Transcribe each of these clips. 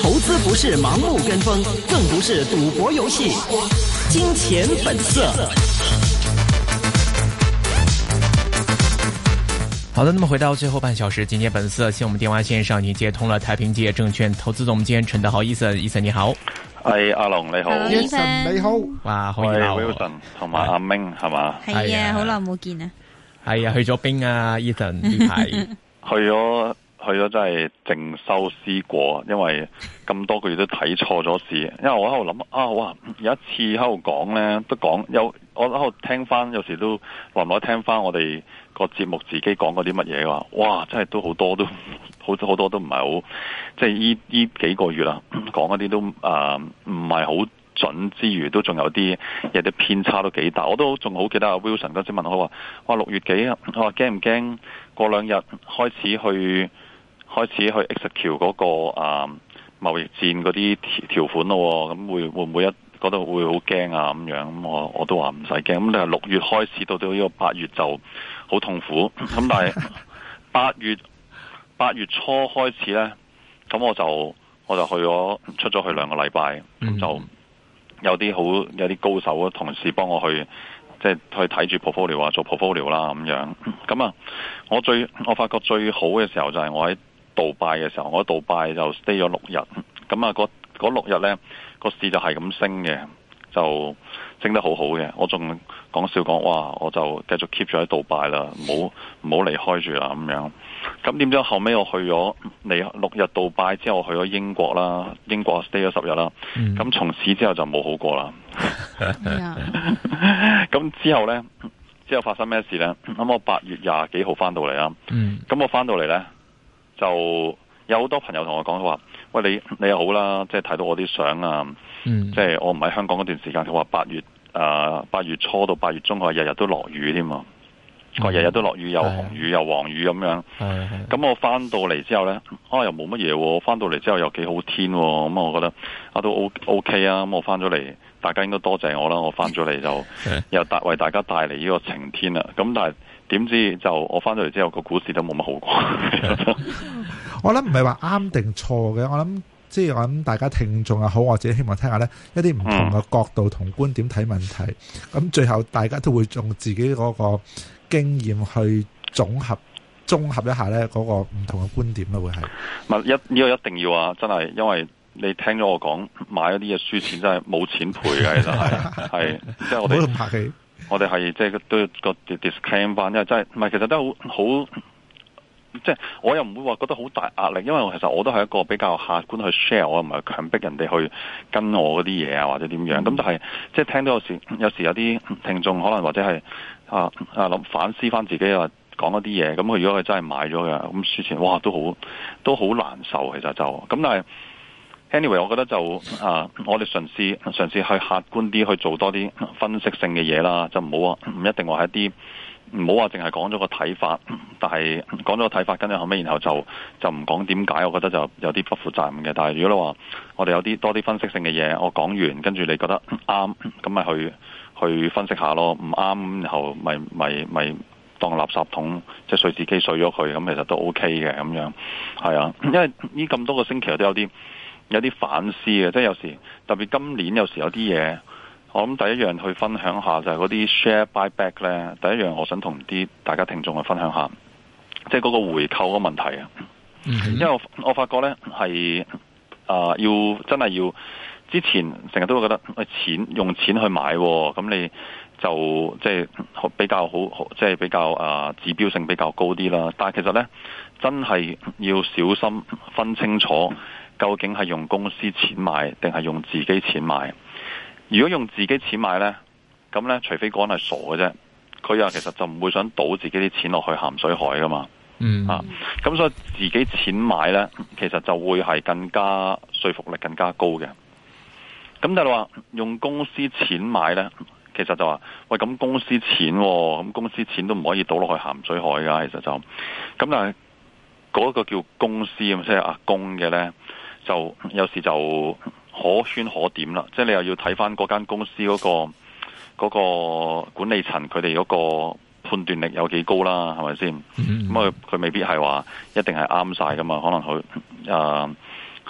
投資不是盲目跟風，更不是賭博遊戲。金錢本色。好的，那麼回到最後半小時，金錢本色，先我們電話線上已經接通了太平界證券投資總監陳德豪伊森，伊森你好，哎阿龍你好，伊森你好，哇歡迎啊威爾森同埋阿明係嘛？係啊，好耐冇見啊，係啊，去咗邊啊，伊森，呢排。去咗去咗真係靜修思過，因為咁多個月都睇錯咗事。因為我喺度諗啊，哇有一次喺度講呢，都講有我喺度聽翻，有，有時都耐唔耐聽翻我哋個節目自己講嗰啲乜嘢嘅話，哇，真係都好多，多都好好多都唔係好，即係呢呢幾個月啦，講嗰啲都啊唔係好準之餘，都仲有啲嘢啲偏差都幾大。我都仲好記得阿 Wilson 嗰陣時問我話，哇六月幾啊，佢話驚唔驚？怕過兩日開始去開始去 X 橋嗰個啊貿易戰嗰啲條條款咯，哦，咁會會唔會一嗰度會好驚啊咁樣？咁我我都話唔使驚。咁你係六月開始到到呢個八月就好痛苦。咁但係八月 八月初開始咧，咁我就我就去咗出咗去兩個禮拜，咁就有啲好有啲高手啊同事幫我去。即係去睇住 portfolio 啊，做 portfolio 啦咁樣咁啊，我最我發覺最好嘅時候就係我喺杜拜嘅時候，我喺杜拜就 stay 咗六日。咁啊，嗰嗰六日咧，個市就係咁升嘅。就整得好好嘅，我仲講笑講，哇！我就繼續 keep 住喺杜拜啦，唔好離開住啦咁樣。咁點知後尾我去咗嚟六日杜拜之後，去咗英國啦，英國我 stay 咗十日啦。咁、嗯、從此之後就冇好過啦。咁 之後呢？之後發生咩事呢？咁我八月廿幾號翻到嚟啦。咁我翻到嚟呢，就有好多朋友同我講話。喂你，你又好啦，即係睇到我啲相啊，即係我唔喺香港嗰段時間，佢話八月誒八、呃、月初到八月中，佢話日日都落雨添啊，佢日日都落雨，又紅雨又黃雨咁樣。咁我返到嚟之後呢，啊又冇乜嘢喎，返到嚟之後又幾好天喎，啊，咁我覺得我都 O O K 啊，咁、OK 啊、我返咗嚟，大家應該多謝我啦，我返咗嚟就又帶為大家帶嚟呢個晴天啦，咁但係，點知就我翻到嚟之後個股市都冇乜好過 我，我諗唔係話啱定錯嘅，我諗即係我諗大家聽眾又好，或者希望聽一下呢一啲唔同嘅角度同觀點睇問題，咁、嗯、最後大家都會用自己嗰個經驗去總合綜合一下呢嗰個唔同嘅觀點咯，會係，唔一呢個一定要啊，真係，因為你聽咗我講買嗰啲嘢輸錢真係冇錢賠嘅，係啦，係 是，係， 即、就、係、是、我哋喺度拍戲。我哋係即係都個 discount 翻，因為真係唔係，其實都好好，即係、就是、我又唔會話覺得好大壓力，因為我其實我都係一個比較客觀去 share，我又唔係強迫人哋去跟我嗰啲嘢啊，或者點樣，咁、嗯、但係即係聽到有時有時有啲聽眾可能或者係啊啊諗反思翻自己話講一啲嘢，咁佢如果佢真係買咗嘅，咁輸錢哇都好都好難受，其實就咁但係。Anyway，我覺得就啊，我哋嘗試嘗試去客觀啲去做多啲分析性嘅嘢啦，就唔好話唔一定話係一啲唔好話淨係講咗個睇法，但係講咗個睇法跟住後尾，然後就就唔講點解，我覺得就有啲不負責任嘅。但係如果你話我哋有啲多啲分析性嘅嘢，我講完跟住你覺得啱咁咪去去分析下咯，唔啱然後咪咪咪當垃圾桶即係、就是、碎紙機碎咗佢咁，其實都 O K 嘅咁樣係啊，因為呢咁多個星期都有啲。有啲反思嘅，即係有時特別今年有時有啲嘢，我諗第一樣去分享下就係嗰啲 share buy back 咧。第一樣我想同啲大家聽眾去分享下，即係嗰個回購個問題啊。Mm -hmm. 因為我發覺咧係啊，要真係要之前成日都會覺得喂，錢用錢去買咁、哦，你就即係比較好好，即係比較啊、呃、指標性比較高啲啦。但係其實咧真係要小心分清楚。究竟係用公司錢買定係用自己錢買？如果用自己錢買呢，咁呢，除非嗰人係傻嘅啫，佢又其實就唔會想賭自己啲錢落去鹹水海噶嘛。嗯咁、啊、所以自己錢買呢，其實就會係更加說服力更加高嘅。咁但係話用公司錢買呢，其實就話喂，咁公司錢、哦，咁公司錢都唔可以賭落去鹹水海噶。其實就咁但係嗰個叫公司咁即係阿公嘅呢，就有時就可圈可點啦，即係你又要睇翻嗰間公司嗰、嗰個嗰、嗰個管理層佢哋嗰個判斷力有幾高啦，係咪先？咁、嗯、啊、嗯，佢未必係話一定係啱晒噶嘛，可能佢啊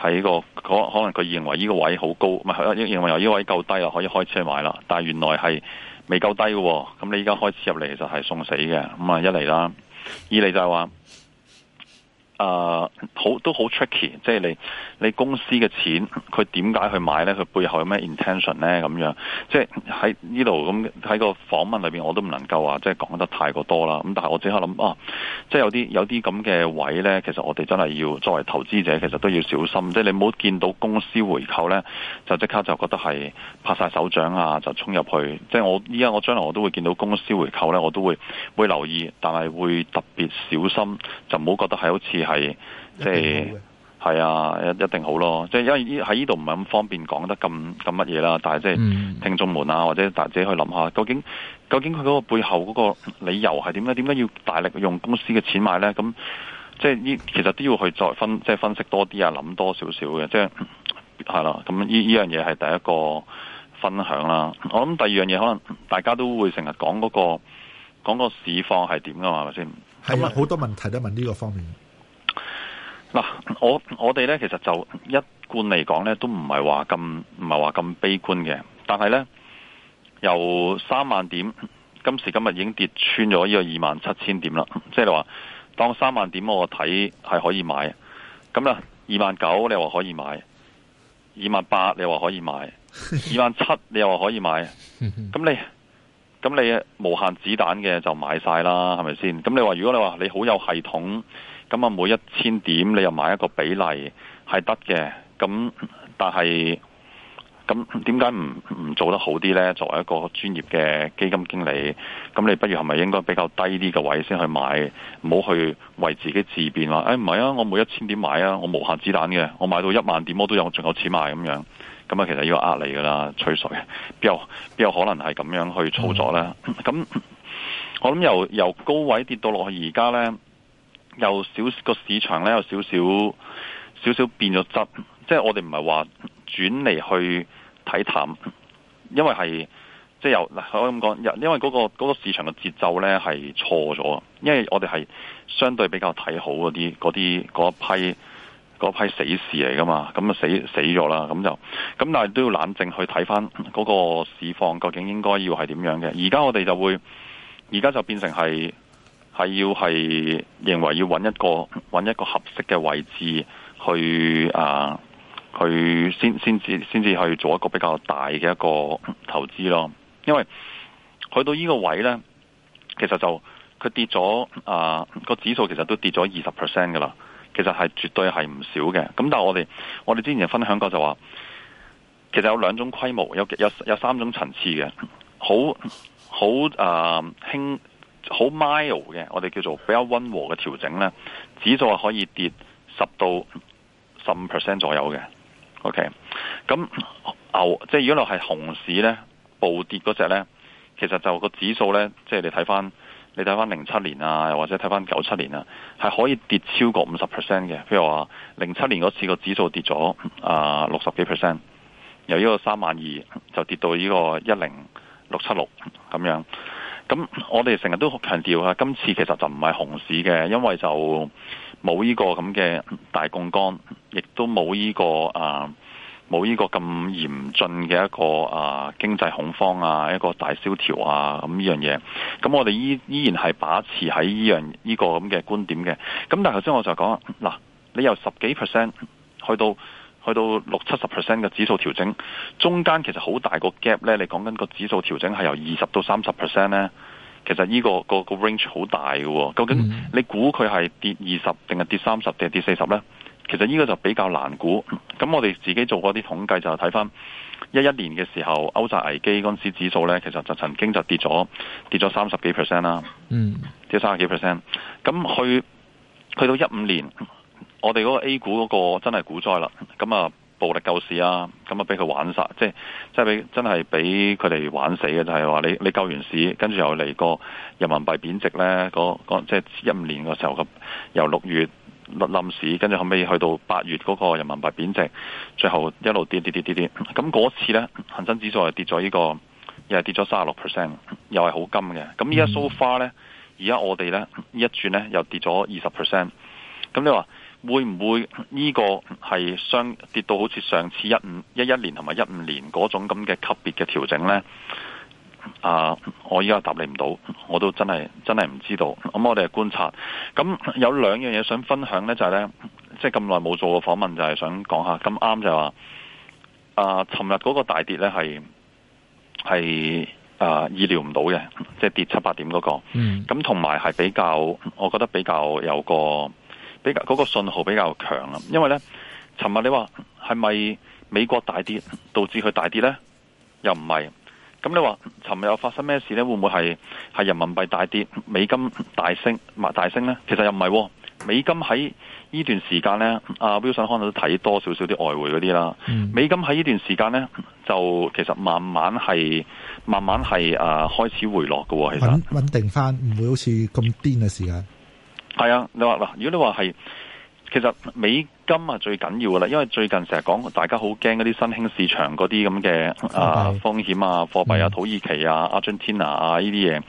喺個可能佢認為呢個位好高，唔係佢認為呢個位夠低喇可以開車買啦，但係原來係未夠低嘅、哦，咁你依家開始入嚟就係送死嘅，咁啊一嚟啦，二嚟就係話。啊，好都好 tricky，即係你你公司嘅錢，佢點解去買咧？佢背後有咩 intention 咧？咁樣，即係喺呢度咁喺個訪問裏邊，我都唔能夠話即係講得太過多啦。咁但係我即刻諗啊，即係有啲有啲咁嘅位咧，其實我哋真係要作為投資者，其實都要小心。即係你唔好見到公司回購咧，就即刻就覺得係拍晒手掌啊，就衝入去。即係我依家我將來我都會見到公司回購咧，我都會會留意，但係會特別小心，就唔好覺得係好似。係，即係，係啊，一一定好咯。即係因為喺呢度唔係咁方便講得咁咁乜嘢啦。但係即係聽眾們啊，或者大姐去諗下，究竟究竟佢嗰個背後嗰個理由係點咧？點解要大力用公司嘅錢買咧？咁即係呢其實都要去再分，即係分析多啲啊，諗多少少嘅。即係係啦。咁呢呢樣嘢係第一個分享啦。我諗第二樣嘢可能大家都會成日講嗰個講個市況係點噶嘛？咪先？係啊。好多問題都問呢個方面。嗱、啊，我我哋咧，其實就一貫嚟講咧，都唔係話咁唔係話咁悲觀嘅。但係咧，由三萬點，今時今日已經跌穿咗呢個二萬七千點啦。即係你話，當三萬點我睇係可以買，咁啦，二萬九你話可以買，二萬八你話可以買，二萬七你又話可以買，咁 你咁你無限子彈嘅就買晒啦，係咪先？咁你話如果你話你好有系統？咁啊，每一千點你又買一個比例係得嘅，咁但係咁點解唔唔做得好啲呢？作為一個專業嘅基金經理，咁你不如係咪應該比較低啲嘅位先去買，唔好去為自己自辯話，誒唔係啊，我每一千點買啊，我無限子彈嘅，我買到一萬點我都有仲有錢買咁樣，咁啊其實要呃你噶啦，吹水，邊有邊有可能係咁樣去操作呢？咁我諗由由高位跌到落去而家呢。有少、個市場咧有少少少少變咗質，即係我哋唔係話轉嚟去睇淡，因為係即係又可以咁講，因為嗰、嗰個、嗰個市場嘅節奏咧係錯咗，因為我哋係相對比較睇好嗰啲嗰啲嗰批嗰批死事嚟噶嘛，咁啊死死咗啦，咁就咁，但係都要冷靜去睇翻嗰個市況究竟應該要係點樣嘅，而家我哋就會而家就變成係。係要係認為要揾一個揾一個合適嘅位置去啊，去先先至先至去做一個比較大嘅一個投資咯。因為去到呢個位呢，其實就佢跌咗啊個指數，其實都跌咗二十 percent 噶啦。其實係絕對係唔少嘅。咁但係我哋我哋之前分享過就話，其實有兩種規模，有有有三種層次嘅，好好啊輕。輕好 mild 嘅，我哋叫做比較溫和嘅調整呢，指數可以跌十到十五 percent 左右嘅。OK，咁牛即係如果係熊市呢，暴跌嗰隻呢，其實就個指數呢，即係你睇翻，你睇翻零七年啊，又或者睇翻九七年啊，係可以跌超過五十 percent 嘅。譬如話零七年嗰次指數，呃、個指數跌咗啊六十幾 percent，由呢個三萬二就跌到呢個一零六七六咁樣。咁我哋成日都好強調啊，今次其實就唔係熊市嘅，因為就冇呢個咁嘅大槓桿，亦都冇呢、這個啊冇呢個咁嚴峻嘅一個啊經濟恐慌啊，一個大蕭條啊咁呢樣嘢。咁我哋依依然係把持喺呢、這個這個、樣呢個咁嘅觀點嘅。咁但係頭先我就講啦，嗱你由十幾 percent 去到。去到六七十 percent 嘅指數調整，中間其實好大個 gap 呢。你講緊個指數調整係由二十到三十 percent 呢，其實呢、呢個、呢個呢個 range 好大嘅、哦。究竟你估佢係跌二十定係跌三十定係跌四十呢？其實呢個就比較難估。咁我哋自己做過啲統計就睇翻一一年嘅時候歐債危機嗰陣時指數呢，其實就曾經就跌咗跌咗三十幾 percent 啦，嗯，跌三十幾 percent。咁去去到一五年。我哋嗰個 A 股嗰個真係股災啦，咁啊暴力救市啊，咁啊俾佢玩晒，即係即係俾真係俾佢哋玩死嘅，就係話你你救完市，跟住又嚟個人民幣貶值咧，嗰即係一五年嘅時候嘅，由六月冧市，跟住後尾去到八月嗰個人民幣貶值，最後一路跌跌跌跌跌，咁嗰次咧恒生指數係跌咗呢個，又係跌咗卅六 percent，又係好金嘅，咁依家 so far 咧，而家我哋咧一轉咧又跌咗二十 percent，咁你話？會唔會呢個係相跌到好似上次一五一一年同埋一五年嗰種咁嘅級別嘅調整呢？啊、uh，我依家答你唔到，我都真係真係唔知道。咁 我哋係觀察。咁有兩樣嘢想分享呢，就係、是、呢，即係咁耐冇做過訪問，就係、是、想講下咁啱就話啊，尋日嗰個大跌呢，係係啊，uh, 意料唔到嘅，即、就、係、是、跌七八點嗰、那個。咁同埋係比較，我覺得比較有個。比較、嗰個信號比較強啦、啊，因為呢尋日你話係咪美國大跌導致佢大跌呢？又唔係。咁你話尋日有發生咩事呢？會唔會係係人民幣大跌、美金大升、大升呢？其實又唔係、啊。美金喺呢段時間呢，阿、啊、嗯啊、Wilson 可能都睇多少少啲外匯嗰啲啦、嗯。美金喺呢段時間呢，就其實慢慢係慢慢係啊開始回落嘅、啊。其實穩，穩定翻，唔會好似咁癲嘅時間。係啊，你話，嗱，如果你話係，其實美金啊最緊要噶啦，因為最近成日講，大家好驚嗰啲新興市場嗰啲咁嘅啊風險啊，貨幣啊，啊，土耳其啊、嗯、阿根廷啊呢啲嘢，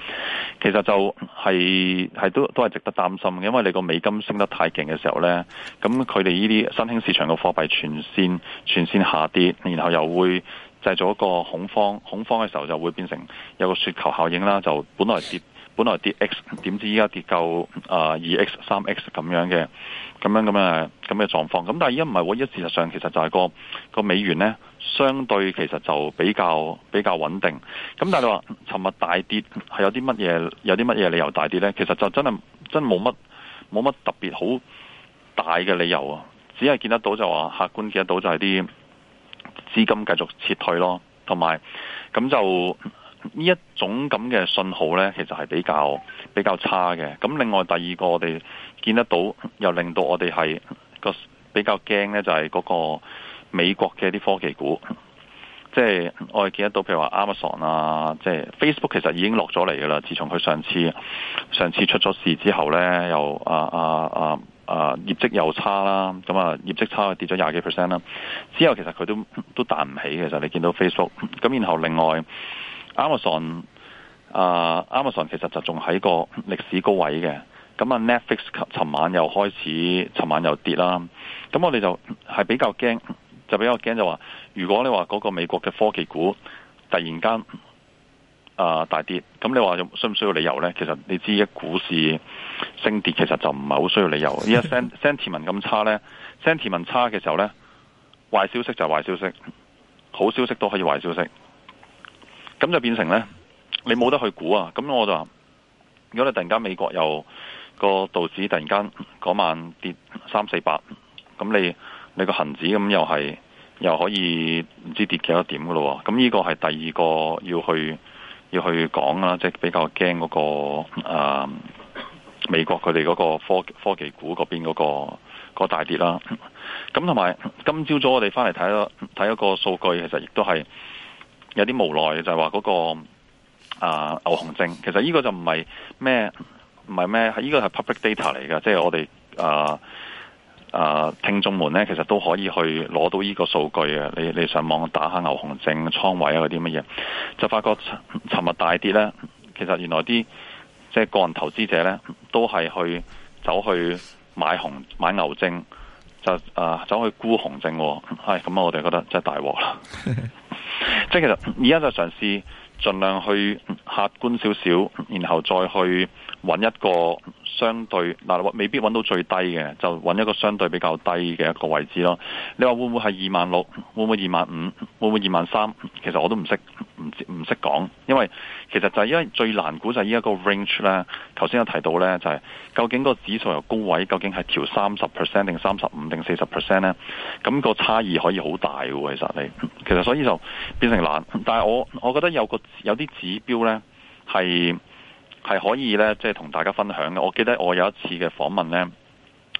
其實就係、係、係都都係值得擔心嘅，因為你個美金升得太勁嘅時候呢，咁佢哋呢啲新興市場嘅貨幣全線全線下跌，然後又會製造一個恐慌，恐慌嘅時候就會變成有個雪球效應啦，就本來跌。本來跌 X，點知依家跌夠啊二 X、三 X 咁樣嘅，咁樣咁啊咁嘅狀況。咁但係而家唔係話一事實上其實就係個個美元呢，相對其實就比較比較穩定。咁但係你話尋日大跌係有啲乜嘢？有啲乜嘢理由大跌呢？其實就真係真冇乜冇乜特別好大嘅理由啊！只係見得到就話客觀見得到就係啲資金繼續撤退咯，同埋咁就。呢一種咁嘅信號呢，其實係比較比較差嘅。咁另外第二個，我哋見得到又令到我哋係個比較驚呢，就係嗰個美國嘅一啲科技股，即係我哋見得到，譬如話 Amazon 啊，即係 Facebook 其實已經落咗嚟噶啦。自從佢上次上次出咗事之後呢，又啊啊啊啊業績又差啦，咁啊業績差又跌咗廿幾 percent 啦。之後其實佢都都彈唔起嘅，其實你見到 Facebook 咁，然後另外。Amazon 啊，Amazon 其實就仲喺個歷史高位嘅。咁啊，Netflix 尋晚又開始，尋晚又跌啦。咁我哋就係比較驚，就比較驚就話，如果你話嗰個美國嘅科技股突然間、啊、大跌，咁你話需唔需要理由呢？其實你知，股市升跌其實就唔係好需要理由。依家 sentiment 咁差呢 sentiment 差嘅時候呢，壞消息就係壞消息，好消息都可以壞消息。咁就變成呢，你冇得去估啊！咁我就話如果你突然間美國又個道指突然間嗰晚跌三四百，咁你你個恒指咁又係又可以唔知跌幾多點㗎咯啊？咁呢個係第二個要去要去講啦，即係比較驚嗰個啊美國佢哋嗰個科技科技股嗰邊嗰個大跌啦。咁同埋今朝早我哋翻嚟睇咗睇一個數據，其實亦都係。有啲無奈就係話嗰個啊、呃、牛熊證其實呢個就唔係咩唔係咩，呢、這個係 public data 嚟嘅。即係我哋啊啊聽眾們呢，其實都可以去攞到呢個數據啊！你你上網打下牛熊證倉位啊嗰啲乜嘢，就發覺尋日大跌呢。其實原來啲即係個人投資者呢，都係去走去買熊買牛證，就啊、呃、走去沽熊證，係、哎、咁我哋覺得真係大鑊啦。 即係其實而家就嘗試盡量去客觀少少，然後再去揾一個相對嗱，未必揾到最低嘅，就揾一個相對比較低嘅一個位置咯。你話會唔會係二萬六？會唔會二萬五？會唔會二萬三？其實我都唔識，唔唔識講，因為其實就係因為最難估就係呢一個 range 咧。頭先有提到呢，就係究竟個指數由高位究竟係調三十 percent 定三十五定四十 percent 呢？咁個差異可以好大嘅喎，其實你其實所以就變成難。但係我我覺得有個有啲指標呢係。係可以呢，即係同大家分享嘅。我記得我有一次嘅訪問呢，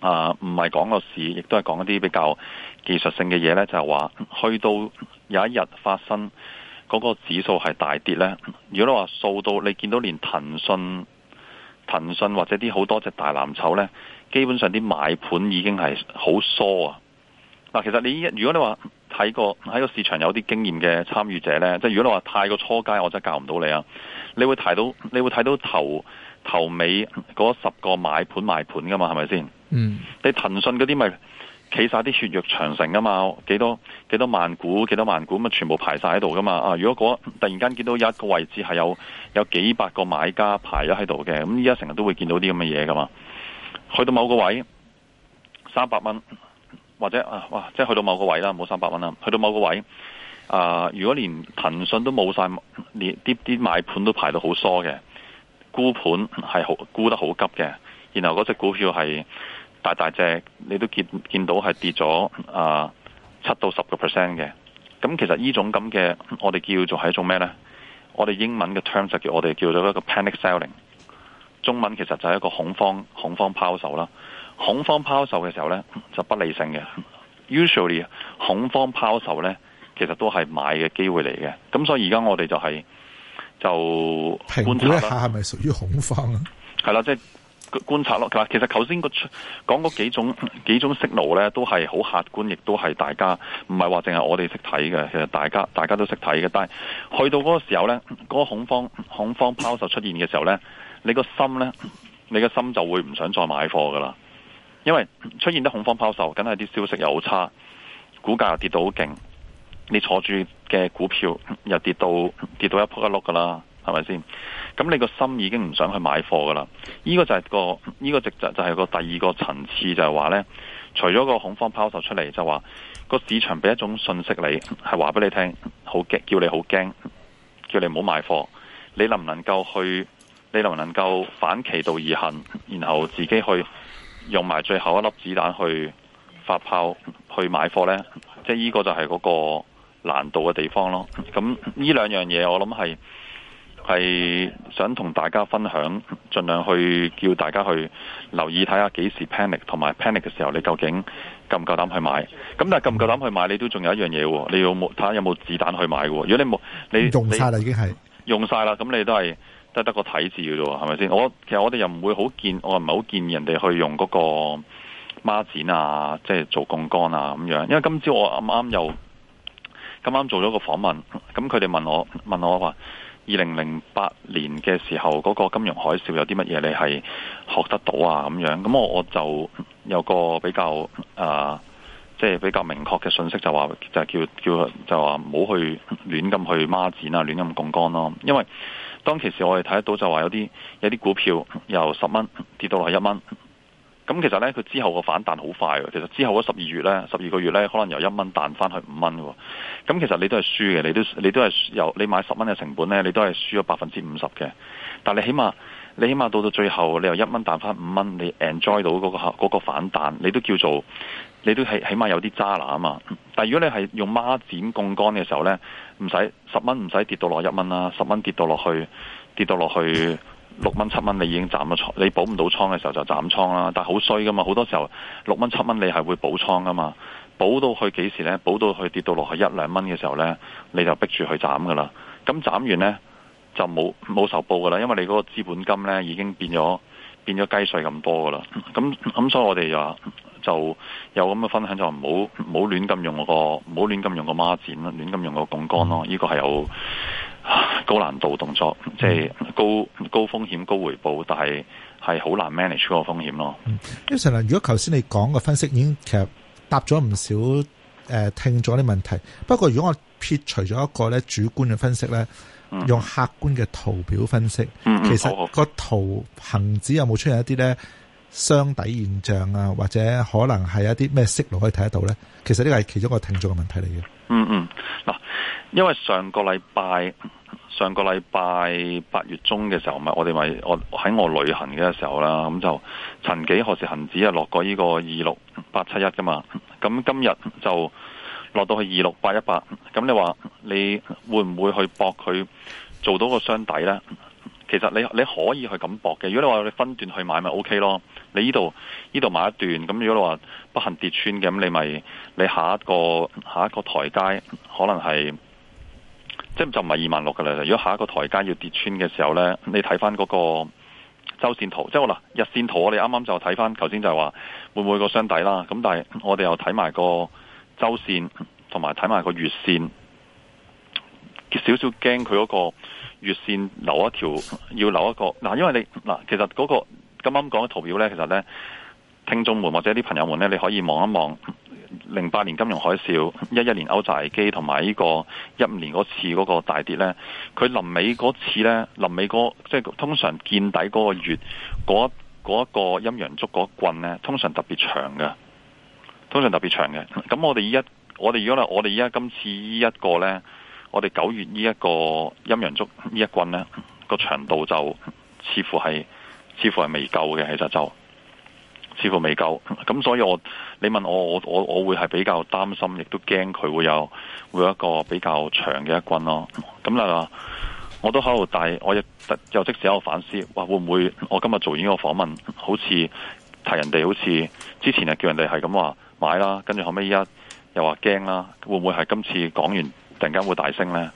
啊，唔係講個市，亦都係講一啲比較技術性嘅嘢呢。就話，係，去到有一日發生嗰、個指數係大跌呢。如果你話數到，你見到連騰訊、騰訊或者啲好多隻大藍籌呢，基本上啲買盤已經係好疏啊。嗱，其實你如果你話，喺個喺個市場有啲經驗嘅參與者呢，即係如果你話太過初階，我真係教唔到你啊！你會睇到你會睇到頭頭尾嗰十個買盤賣盤噶嘛，係咪先？嗯，你騰訊嗰啲咪企晒啲血肉長城噶嘛？幾多幾多萬股幾多萬股咁全部排晒喺度噶嘛？啊！如果嗰突然間見到有一個位置係有有幾百個買家排咗喺度嘅，咁依家成日都會見到啲咁嘅嘢噶嘛？去到某個位三百蚊。或者啊哇，即係去到某個位啦，冇三百蚊啦，去到某個位啊、呃！如果連騰訊都冇曬，連啲啲買盤都排到好疏嘅，估盤係好沽得好急嘅，然後嗰隻股票係大大隻，你都見，見到係跌咗啊七到十個 percent 嘅。咁其實呢種咁嘅，我哋叫做係一種咩呢？我哋英文嘅 term 就叫我哋叫做一個 panic selling，中文其實就係一個恐慌恐慌拋售啦。恐慌拋售嘅時候呢，就不理性嘅。Usually 恐慌拋售呢，其實都係買嘅機會嚟嘅。咁所以而家我哋就係就觀察一下係咪屬於恐慌啊？係啦，即係觀察咯。其實頭先講嗰幾種幾種思路呢都係好客觀，亦都係大家唔係話淨係我哋識睇嘅。其實大家大家都識睇嘅，但係去到嗰個時候呢，嗰個恐慌恐慌拋售出現嘅時候呢，你個心呢，你個心就會唔想再買貨噶啦。因為出現啲恐慌拋售，梗係啲消息又好差，股價又跌到好勁，你坐住嘅股票又跌到跌到一仆一碌噶啦，係咪先？咁你個心已經唔想去買貨噶啦。呢個就係個呢個直就係個第二個層次，就係話呢：除咗個恐慌拋售出嚟，就話個市場俾一種信息你，係話俾你聽，好驚，叫你好驚，叫你唔好買貨。你能唔能夠去？你能唔能夠反其道而行，然後自己去？用埋最後一粒子彈去發炮去買貨呢，即係呢個就係嗰個難度嘅地方咯。咁呢兩樣嘢我諗係係想同大家分享，盡量去叫大家去留意睇下幾時 panic 同埋 panic 嘅時候，你究竟夠唔夠膽去買？咁但係夠唔夠膽去買？你都仲有一樣嘢喎，你有冇睇下有冇子彈去買喎？如果你冇，你用晒啦，已經係用晒啦，咁你都係。得得個體字嘅啫喎，係咪先？我其實我哋又唔會好見，我又唔係好見人哋去用嗰個孖展啊，即係做槓桿啊咁樣。因為今朝我啱啱又，咁啱做咗個訪問，咁佢哋問我問我話，二零零八年嘅時候嗰個金融海嘯有啲乜嘢你係學得到啊咁樣？咁我我就有個比較啊，呃，即係比較明確嘅信息，就話就係叫叫就話唔好去亂咁去孖展啊，亂咁槓桿咯，因為。當其時我哋睇得到就話有啲有啲股票由十蚊跌到落去一蚊，咁其實呢，佢之後個反彈好快。其實之後嗰十二月呢，十二個月呢，可能由一蚊彈翻去五蚊。咁其實你都係輸嘅，你都你都係由你買十蚊嘅成本呢，你都係輸咗百分之五十嘅。但你起碼你起碼到到最後，你由一蚊彈翻五蚊，你 enjoy 到嗰個嗰個反彈，你都叫做。你都係起碼有啲渣拿啊嘛，但係如果你係用孖展槓桿嘅時候呢，唔使十蚊唔使跌到落一蚊啦，十蚊跌到落去跌到落去六蚊七蚊，你已經斬咗倉，你補唔到倉嘅時候就斬倉啦。但係好衰噶嘛，好多時候六蚊七蚊你係會補倉噶嘛，補到去幾時呢？補到去跌到落去一兩蚊嘅時候呢，你就逼住去斬㗎啦。咁斬完呢，就冇冇受報㗎啦，因為你嗰個資本金呢，已經變咗變咗雞碎咁多㗎啦。咁咁所以我哋就。就有咁嘅分享，就唔好唔好亂咁用個唔好亂咁用個孖展，亂咁用個槓桿咯。呢、嗯這個係有高難度動作，即、就、係、是、高、嗯、高風險高回報，但係係好難 manage 嗰個風險咯。嗯 y e 如果頭先你講嘅分析已經其實答咗唔少誒、呃、聽咗啲問題，不過如果我撇除咗一個咧主觀嘅分析咧、嗯，用客觀嘅圖表分析，嗯、其實個圖行指有冇出現一啲咧？箱底現象啊，或者可能係一啲咩色路可以睇得到呢？其實呢個係其中一個聽眾嘅問題嚟嘅、嗯。嗯嗯，嗱，因為上個禮拜，上個禮拜八月中嘅時候咪，不是我哋咪我喺我旅行嘅時候啦，咁就曾幾何時恒指啊落過呢個二六八七一㗎嘛。咁今日就落到去二六八一八，咁你話你會唔會去搏佢做到個箱底呢？其實你你可以去咁搏嘅。如果你話你分段去買咪 OK 咯。你呢度呢度買一段，咁如果你話不幸跌穿嘅，咁你咪你下一個下一個台階可能係，即係就唔係二萬六㗎啦。如果下一個台階要跌穿嘅時候呢，你睇翻嗰個周線圖，即係啦日線圖我剛剛，我哋啱啱就睇翻頭先就係話會唔會個箱底啦。咁但係我哋又睇埋個周線，同埋睇埋個月線，少少驚佢嗰個月線留一條，要留一個嗱，因為你嗱，其實嗰、嗰個。咁啱講嘅圖表呢，其實呢，聽眾們或者啲朋友們呢，你可以望一望零八年金融海嘯、一一年歐債危機同埋呢個一五年嗰次嗰個大跌呢。佢臨尾嗰次呢，臨尾嗰即係通常見底嗰個月嗰一個陰陽燭嗰棍呢，通常特別長嘅，通常特別長嘅。咁我哋依家，我哋如果我哋依家今次呢一個呢，我哋九月呢一個陰陽燭呢一棍呢，個長度就似乎係。似乎係未夠嘅，其實就似乎未夠，咁所以我你問我，我我我會係比較擔心，亦都驚佢會有會有一個比較長嘅一棍咯。咁啦，我都喺度帶，我亦又即時喺度反思，哇！會唔會我今日做完呢個訪問，好似提人哋，好似之前啊叫人哋係咁話買啦，跟住後尾依家又話驚啦，會唔會係今次講完突然間會大升呢？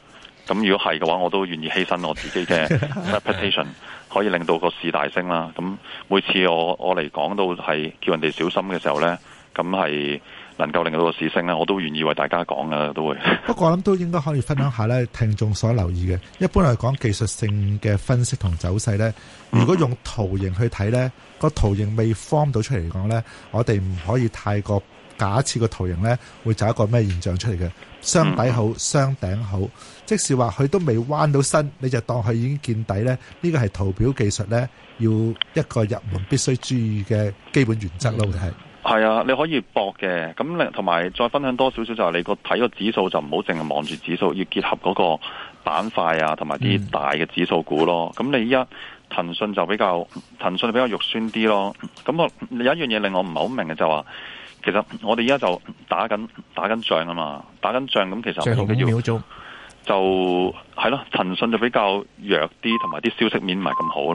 咁如果係嘅話，我都願意犧牲我自己嘅 reputation。 可以令到個市大升啦，咁每次我我嚟講到係叫人哋小心嘅時候呢，咁係能夠令到個市升呢，我都願意為大家講噶都會。不過我諗都應該可以分享下呢聽眾所留意嘅。一般嚟講，技術性嘅分析同走勢呢，如果用圖形去睇呢，個圖形未 form 到出嚟講呢，我哋唔可以太過。假設個圖形呢，會找一個咩現象出嚟嘅？雙底好，雙頂好，即使話佢都未彎到身，你就當佢已經見底呢。呢個係圖表技術呢，要一個入門必須注意嘅基本原則咯。係係啊，你可以搏嘅咁，同埋再分享多少少就係你個睇個指數就唔好淨係望住指數，要結合嗰個板塊啊，同埋啲大嘅指數股咯。咁你依家騰訊就比較騰訊就比較肉酸啲咯。咁我有一樣嘢令我唔係好明嘅就係話。其實我哋依家就打緊打緊仗啊嘛，打緊仗，咁其實最緊要就係咯，騰訊就比較弱啲，同埋啲消息面唔係咁好咯。